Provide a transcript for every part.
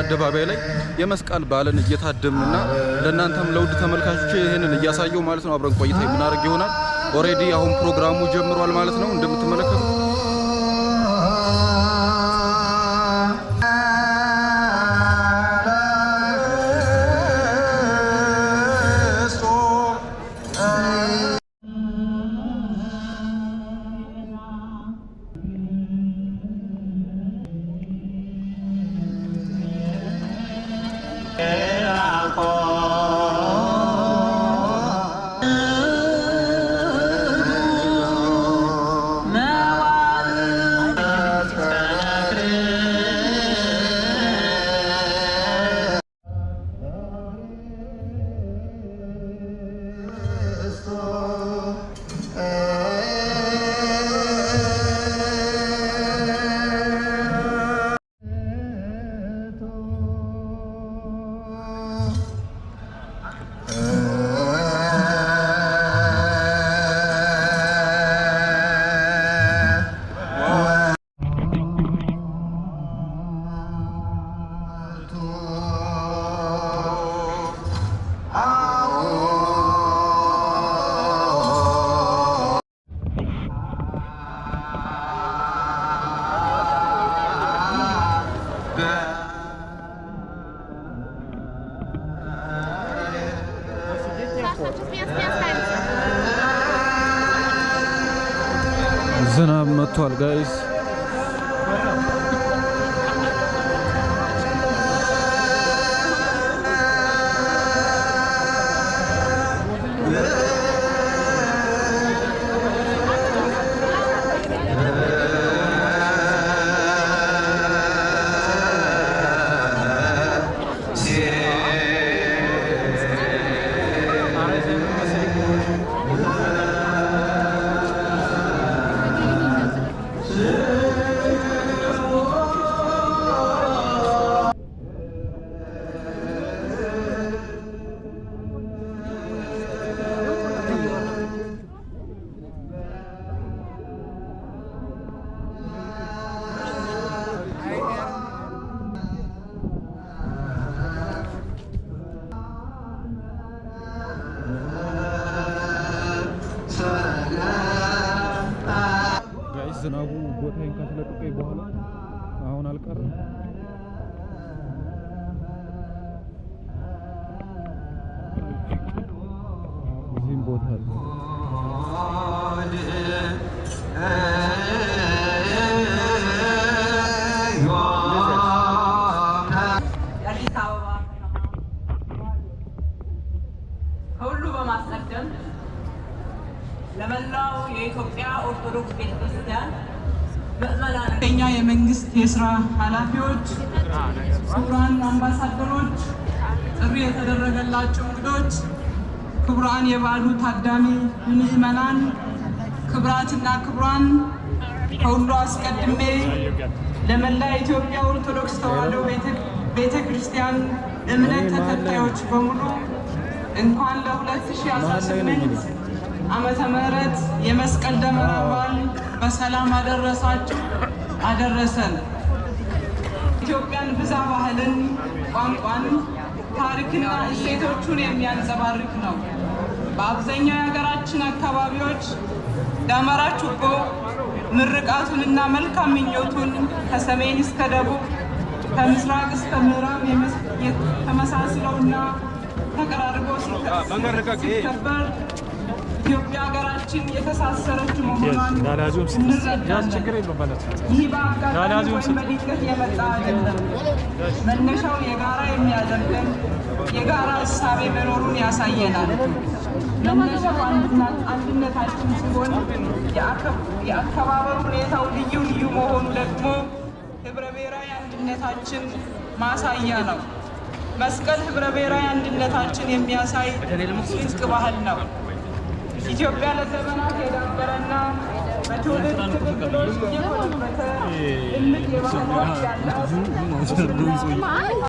አደባባይ ላይ የመስቀል በዓልን እየታደምንና ለእናንተም ለውድ ተመልካቾች ይህንን እያሳየው ማለት ነው። አብረን ቆይታ የምናደርግ ይሆናል። ኦልሬዲ አሁን ፕሮግራሙ ጀምሯል ማለት ነው እንደምትመለከቱ Yeah. ከፍተኛ የመንግስት የስራ ኃላፊዎች፣ ክቡራን አምባሳደሮች፣ ጥሪ የተደረገላቸው እንግዶች፣ ክቡራን የባሉ ታዳሚ ምዕመናን፣ ክቡራትና ክቡራን ከሁሉ አስቀድሜ ለመላ ኢትዮጵያ ኦርቶዶክስ ተዋሕዶ ቤተ ክርስቲያን እምነት ተከታዮች በሙሉ እንኳን ለ2018 ዓመተ ምሕረት የመስቀል ደመራ በዓል በሰላም አደረሳችሁ። አደረሰን። ኢትዮጵያን ብዛ ባህልን፣ ቋንቋን፣ ታሪክና እሴቶቹን የሚያንጸባርቅ ነው። በአብዛኛው የሀገራችን አካባቢዎች ደመራ ችቦ ምርቃቱንና መልካም ምኞቱን ከሰሜን እስከ ደቡብ ከምስራቅ እስከ ምዕራብ ተመሳስለውና ተቀራርቦ ሲከበር ኢትዮጵያ ሀገራችን የተሳሰረች መሆኗን እንረዳለን። ይህ በአጋጣሚ ወይም በድንገት የመጣ አይደለም። መነሻው የጋራ የሚያደርገን የጋራ እሳቤ መኖሩን ያሳየናል። መነሻው አንድነታችን ሲሆን የአከባበር ሁኔታው ልዩ ልዩ መሆኑ ደግሞ ህብረ ብሔራዊ አንድነታችን ማሳያ ነው። መስቀል ህብረ ብሔራዊ አንድነታችን የሚያሳይ ድንቅ ባህል ነው። ኢትዮጵያ ለዘመናት የዳበረና በትውልድ ትብብሎች የጎለበተ ትልቅ የባህል ያላት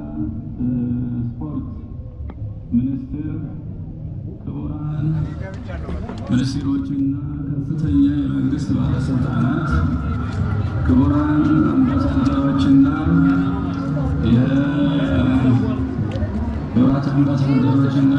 ስፖርት ሚኒስትር ክቡራን ሚኒስትሮችና ከፍተኛ የመንግስት ባለስልጣናት፣ ክቡራን አምባሳደሮችና የህብረት አምባሳደሮችና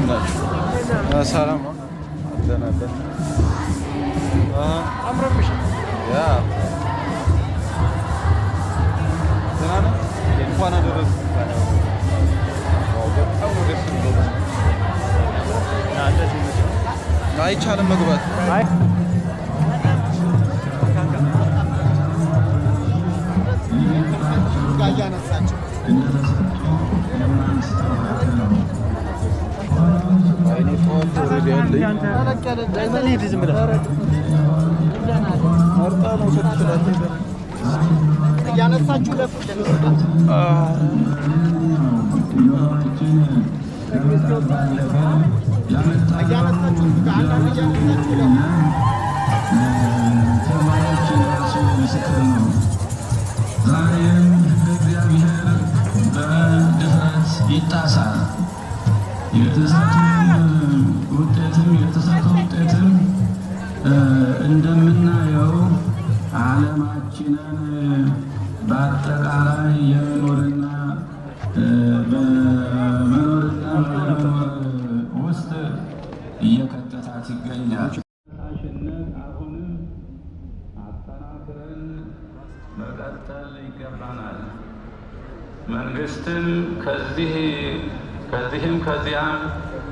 لنا يا سلام عندنا هذا عمرو مشى يا زمان كاين فانا درس አይቻልም መግባት እያነሳቸው ዛሬም እግዚአብሔር በድፍረት ይጣሳል። ውጤትም የተሳተ ውጤትም እንደምናየው ዓለማችንን በአጠቃላይ የመኖርና በመኖርና በመኖር ውስጥ እየከተታት ይገኛል። አሁንም አጠናክረን መቀጠል ይገባናል። መንግስትም ከዚህም ከዚያም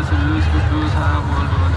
I a loose for blues high world.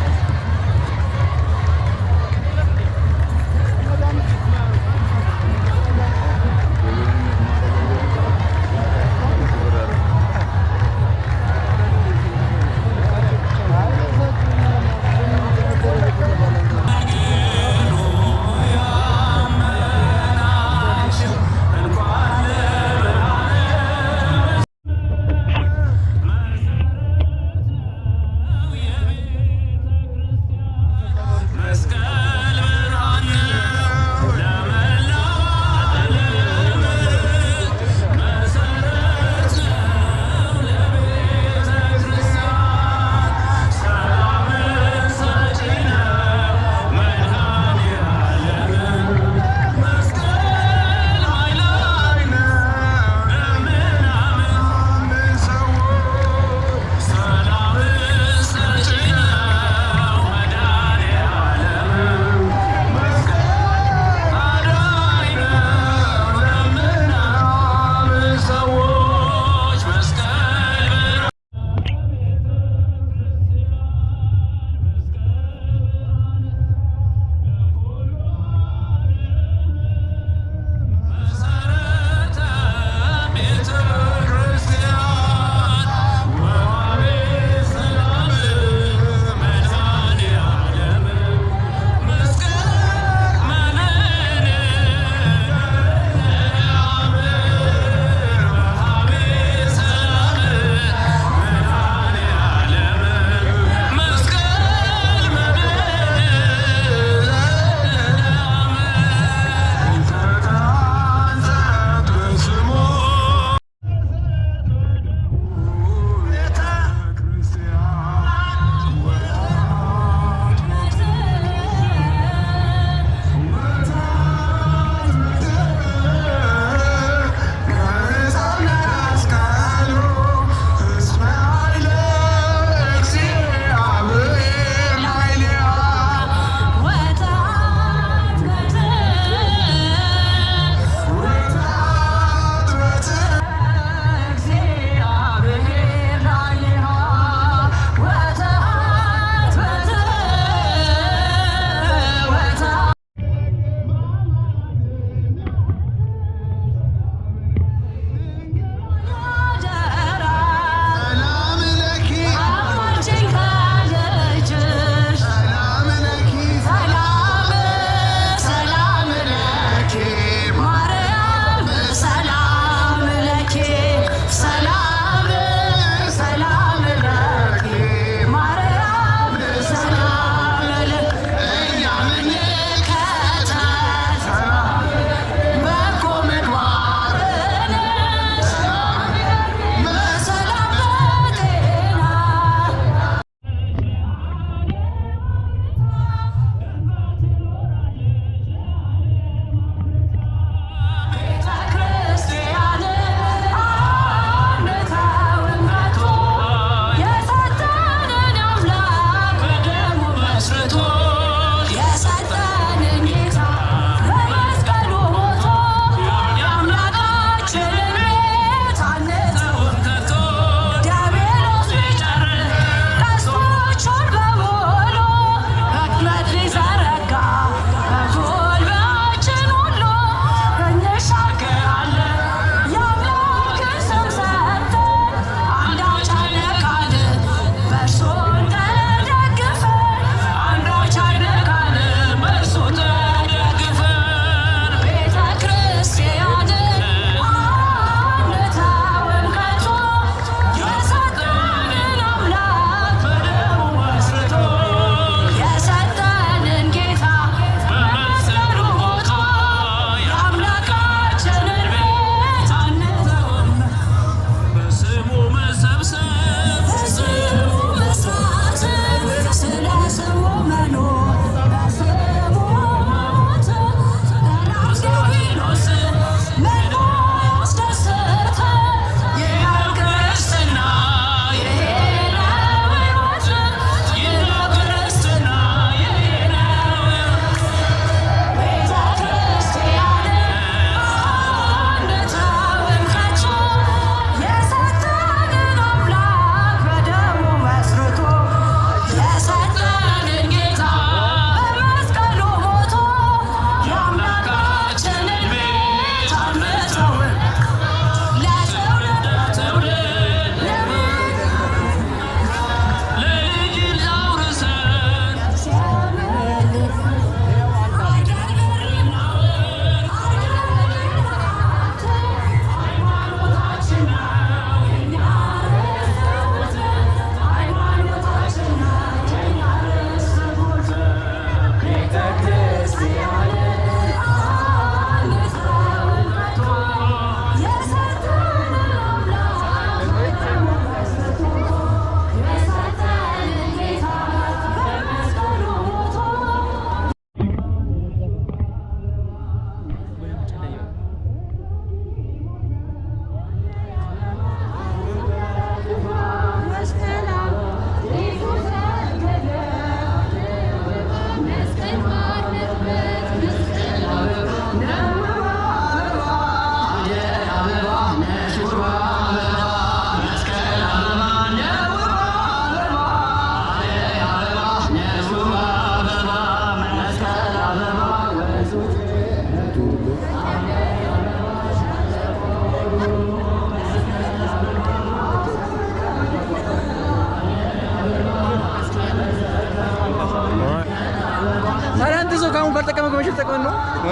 Ne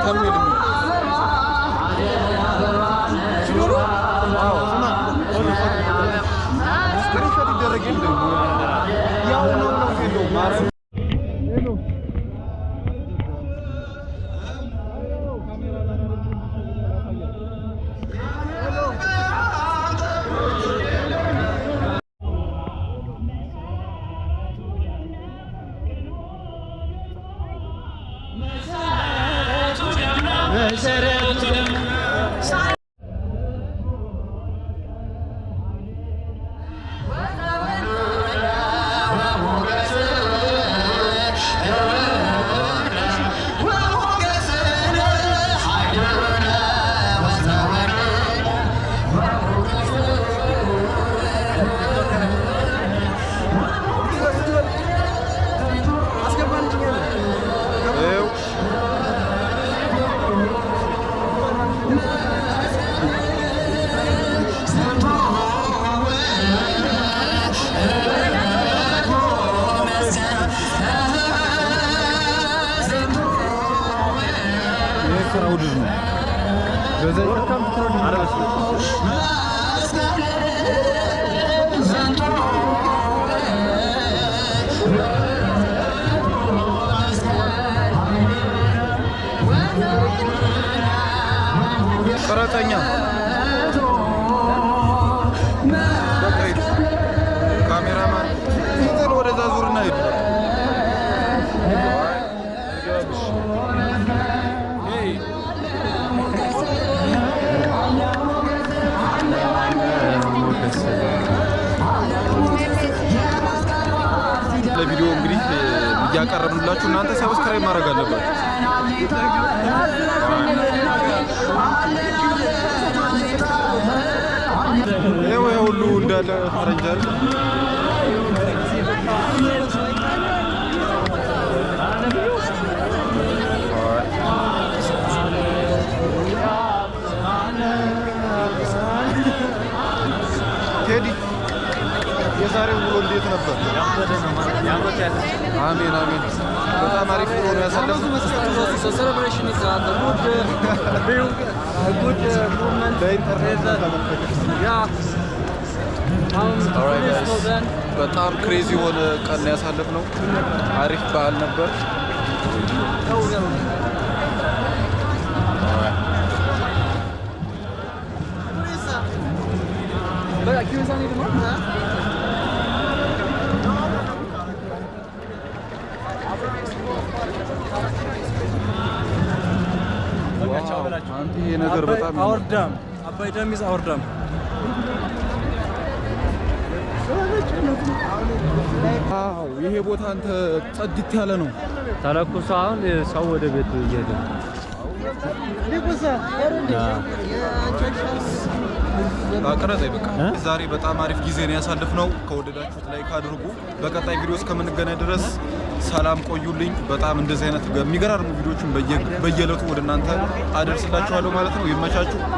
tanıyorum. Kim o? Aa, Karışa bir derece Ya onu onu ቀረጠኛ ካሜራማን ወደዛ ዙርና ሄዱ። ለቪዲዮ እንግዲህ እያቀረብንላችሁ እናንተ ሰብስክራይብ ማድረግ አለባችሁ። ይኸው ሁሉ እንዳለ ፈረንጃል በጣም ክሬዚ የሆነ ቀን ያሳለፍ ነው። አሪፍ በዓል ነበር። ይሄ ነገር በጣም አወርዳም አባይ ዳም አወርዳም ይሄ ቦታ አንተ ጸድት ያለ ነው ተለኩሶ፣ አሁን ሰው ወደ ቤቱ እየሄደ ነው። ዛሬ በጣም አሪፍ ጊዜ ነው ያሳለፍነው። ከወደዳችሁት ላይክ አድርጉ። በቀጣይ ቪዲዮ እስከምንገናኝ ድረስ ሰላም ቆዩልኝ። በጣም እንደዚህ አይነት የሚገራርሙ ቪዲዮዎችን በየዕለቱ ወደ እናንተ አደርስላችኋለሁ ማለት ነው። ይመቻችሁ።